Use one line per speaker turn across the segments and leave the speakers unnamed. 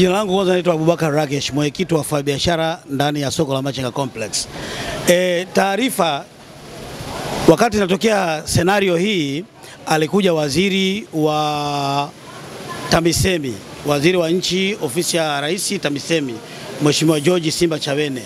Jina langu kwanza naitwa Abubakar Rakesh, mwenyekiti wa biashara ndani ya soko la Machinga Complex. E, taarifa wakati inatokea senario hii alikuja waziri wa TAMISEMI, waziri wa nchi ofisi ya rais TAMISEMI, Mheshimiwa George Simba Chawene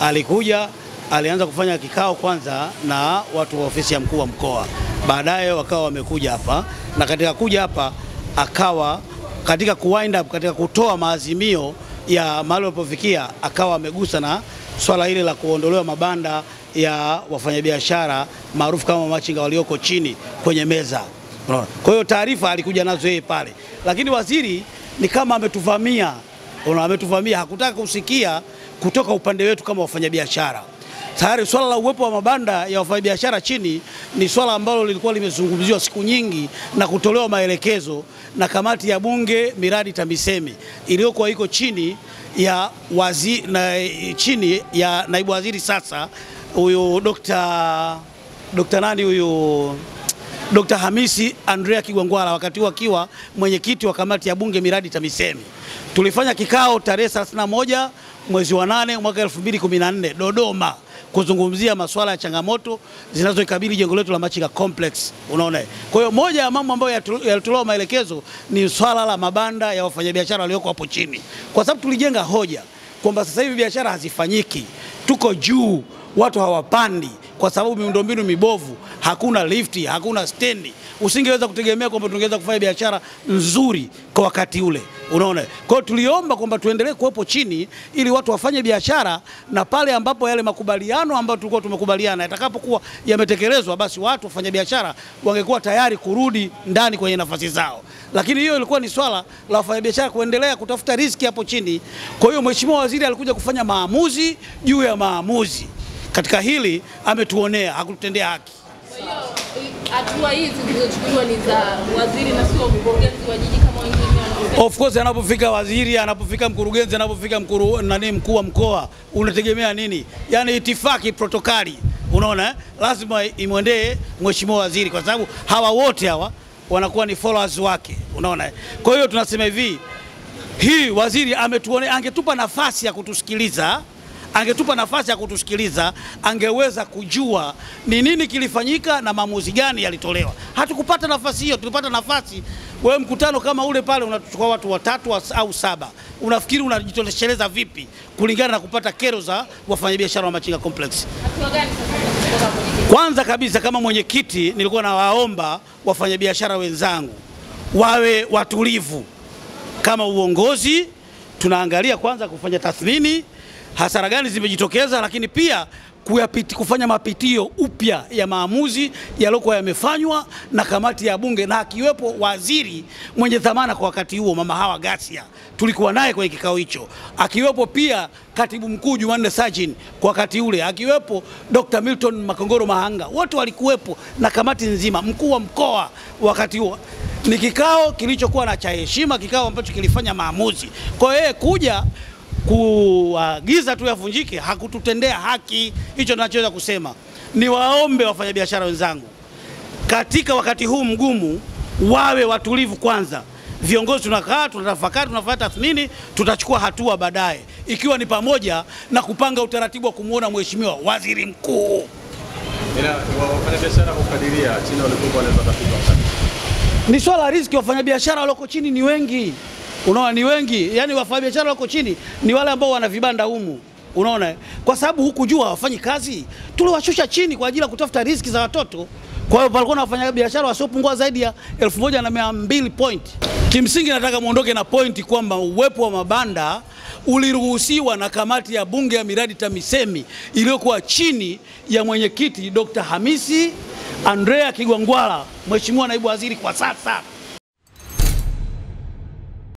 alikuja, alianza kufanya kikao kwanza na watu wa ofisi ya mkuu wa mkoa, baadaye wakawa wamekuja hapa, na katika kuja hapa akawa katika kuwind up, katika kutoa maazimio ya mahali walipofikia, akawa amegusa na swala hili la kuondolewa mabanda ya wafanyabiashara maarufu kama machinga walioko chini kwenye meza. Unaona? Kwa hiyo taarifa alikuja nazo yeye pale, lakini waziri ni kama ametuvamia, unaona, ametuvamia, hakutaka kusikia kutoka upande wetu kama wafanyabiashara tayari swala la uwepo wa mabanda ya wafanyabiashara chini ni swala ambalo lilikuwa limezungumziwa siku nyingi na kutolewa maelekezo na kamati ya Bunge miradi TAMISEMI iliyokuwa iko chini ya wazi, na, chini ya naibu waziri sasa huyu Dr. Dr. nani huyu Dr. Hamisi Andrea Kigwangwala wakati huo akiwa mwenyekiti wa kamati ya bunge miradi TAMISEMI. Tulifanya kikao tarehe 31 mwezi wa 8 mwaka 2014 Dodoma kuzungumzia masuala ya changamoto zinazoikabili jengo letu la Machinga Complex. Unaona, kwa hiyo moja ya mambo ambayo yalitolewa maelekezo ni swala la mabanda ya wafanyabiashara walioko hapo chini, kwa sababu tulijenga hoja kwamba sasa hivi biashara hazifanyiki, tuko juu, watu hawapandi kwa sababu miundombinu mibovu hakuna lifti, hakuna stendi, usingeweza kutegemea kwamba tungeweza kufanya biashara nzuri kwa wakati ule, unaona. Kwa hiyo tuliomba kwamba tuendelee kuwepo chini ili watu wafanye biashara, na pale ambapo yale makubaliano ambayo tulikuwa tumekubaliana yatakapokuwa yametekelezwa, basi watu wafanya biashara wangekuwa tayari kurudi ndani kwenye nafasi zao. Lakini hiyo ilikuwa ni swala la wafanyabiashara kuendelea kutafuta riziki hapo chini. Kwa hiyo Mheshimiwa Waziri alikuja kufanya maamuzi juu ya maamuzi katika hili, ametuonea, hakututendea haki
hatua hizi zilizochukuliwa ni za waziri na sio mkurugenzi wa jiji kama wengine
Of course anapofika waziri, anapofika mkurugenzi, anapofika mkuru, nani mkuu wa mkoa, unategemea nini? Yaani itifaki, protokali, unaona eh? Lazima imwendee mheshimiwa waziri, kwa sababu hawa wote hawa wanakuwa ni followers wake, unaona eh? Kwa hiyo tunasema hivi, hii waziri ametuone, angetupa nafasi ya kutusikiliza angetupa nafasi ya kutusikiliza, angeweza kujua ni nini kilifanyika na maamuzi gani yalitolewa. Hatukupata nafasi hiyo, tulipata nafasi wewe mkutano kama ule pale unachukua watu watatu au saba, unafikiri unajitosheleza vipi kulingana na kupata kero za wafanyabiashara wa Machinga Complex? Kwanza kabisa kama mwenyekiti, nilikuwa nawaomba wafanyabiashara wenzangu wawe watulivu. Kama uongozi, tunaangalia kwanza kufanya tathmini hasara gani zimejitokeza, lakini pia kuyapiti, kufanya mapitio upya ya maamuzi yaliyokuwa yamefanywa na kamati ya Bunge na akiwepo waziri mwenye dhamana kwa wakati huo, Mama Hawa Ghasia, tulikuwa naye kwenye kikao hicho, akiwepo pia katibu mkuu Jumanne Sajin kwa wakati ule, akiwepo Dr. Milton Makongoro Mahanga, wote walikuwepo na kamati nzima, mkuu wa mkoa wakati huo ni kikao kilichokuwa na cha heshima, kikao ambacho kilifanya maamuzi. Kwa hiyo kuja kuagiza tu yavunjike hakututendea haki. Hicho nachoweza kusema. Niwaombe wafanyabiashara wenzangu, katika wakati huu mgumu wawe watulivu kwanza. Viongozi tunakaa tunatafakari, tunafanya tathmini, tutachukua hatua baadaye, ikiwa ni pamoja na kupanga utaratibu wa kumwona mheshimiwa waziri mkuu. Ni swala riziki, wafanyabiashara walioko chini ni wengi unaona ni wengi, yani wafanyabiashara wako chini ni wale ambao wana vibanda humu unaona, kwa sababu huku juu hawafanyi kazi, tuliwashusha chini kwa ajili ya kutafuta riziki za watoto. Kwa hiyo palikuwa na wafanyabiashara wasiopungua zaidi ya elfu moja na mia mbili point. Kimsingi nataka muondoke na pointi kwamba uwepo wa mabanda uliruhusiwa na kamati ya bunge ya miradi TAMISEMI iliyokuwa chini ya mwenyekiti Dr. Hamisi Andrea Kigwangwala, mheshimiwa naibu waziri kwa sasa.